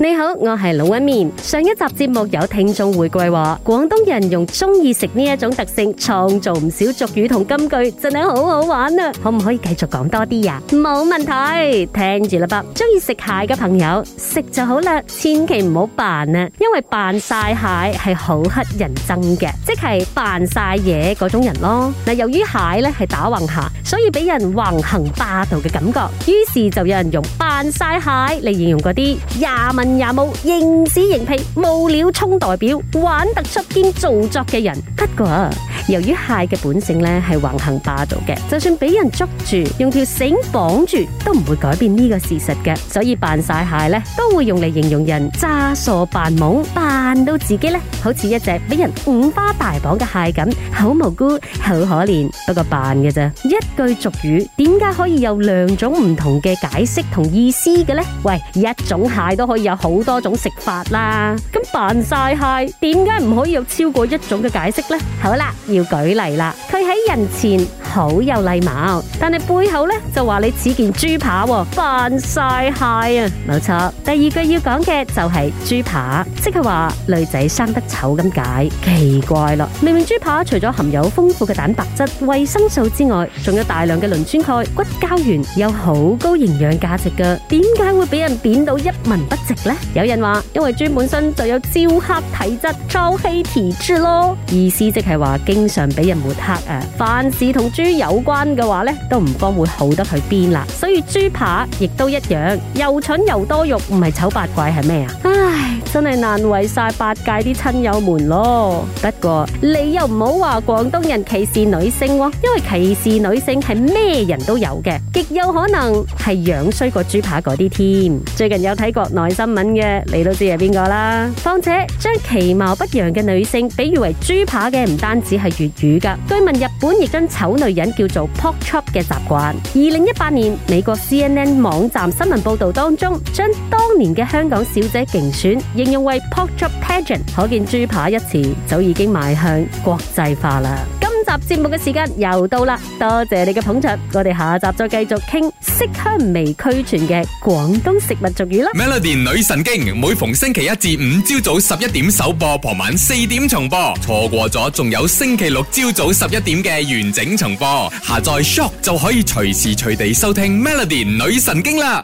你好，我係龍紋敏。上一集節目有聽眾回饋話，廣東人用中意食呢一種特性，創造唔少俗語同金句，真係好好玩啊！可唔可以繼續講多啲呀、啊？冇問題，聽住啦噃。中意食蟹嘅朋友食就好啦，千祈唔好扮啊，因為扮晒蟹係好乞人憎嘅，即係扮晒嘢嗰種人咯。嗱，由於蟹咧係打橫行，所以俾人橫行霸道嘅感覺，於是就有人用扮晒蟹嚟形容嗰啲廿蚊。也冇認屎認屁、無料充代表、玩得出兼做作嘅人，不過。由於蟹嘅本性咧，係橫行霸道嘅，就算俾人捉住，用條繩綁住，都唔會改變呢個事實嘅。所以扮晒蟹咧，都會用嚟形容人詐傻扮懵，扮到自己咧，好似一隻俾人五花大綁嘅蟹咁，好無辜，好可憐。不過扮嘅啫，一句俗語，點解可以有兩種唔同嘅解釋同意思嘅咧？喂，一種蟹都可以有好多種食法啦。咁扮晒蟹，點解唔可以有超過一種嘅解釋呢？好啦。要舉例啦，佢喺人前，好有禮貌，但係背後咧就話你似件豬扒，哦，扮晒蟹啊！冇錯，第二句要講嘅就係豬扒，即係話女仔生，生得醜咁解，奇怪咯！明明豬扒除咗含有豐富嘅蛋白質、維生素之外，仲有大量嘅磷酸鈣、骨膠原，有好高營養價值嘅，點解會俾人貶到一文不值呢？有人話因為豬本身就有招黑體質，招黑體質咯，意思即係話經常俾人抹黑啊，凡事同。豬有關嘅話呢，都唔方會好得去邊啦，所以豬扒亦都一樣，又蠢又多肉，唔係醜八怪係咩啊？唉，真係難為晒八戒啲親友們咯。不過你又唔好話廣東人歧視女性喎，因為歧視女性係咩人都有嘅，極有可能係樣衰過豬扒嗰啲添。最近有睇國內新聞嘅，你都知係邊個啦。況且將其貌不揚嘅女性比喻為豬扒嘅，唔單止係粵語噶，據聞日本亦跟醜女，女人叫做 pork chop 嘅習慣。二零一八年美國 CNN 網站新聞報道當中，將當年嘅香港小姐競選形容為 pork chop pageant，可見豬扒一詞早已經邁向國際化啦。集節目嘅時間又到啦，多謝你嘅捧場，我哋下集再繼續傾色香味俱全嘅廣東食物俗語啦。Melody 女神經每逢星期一至五朝早十一點首播，傍晚四點重播，錯過咗仲有星期六朝早十一點嘅完整重播，下載 SYOK 就可以隨時隨地收聽 Melody 女神經啦。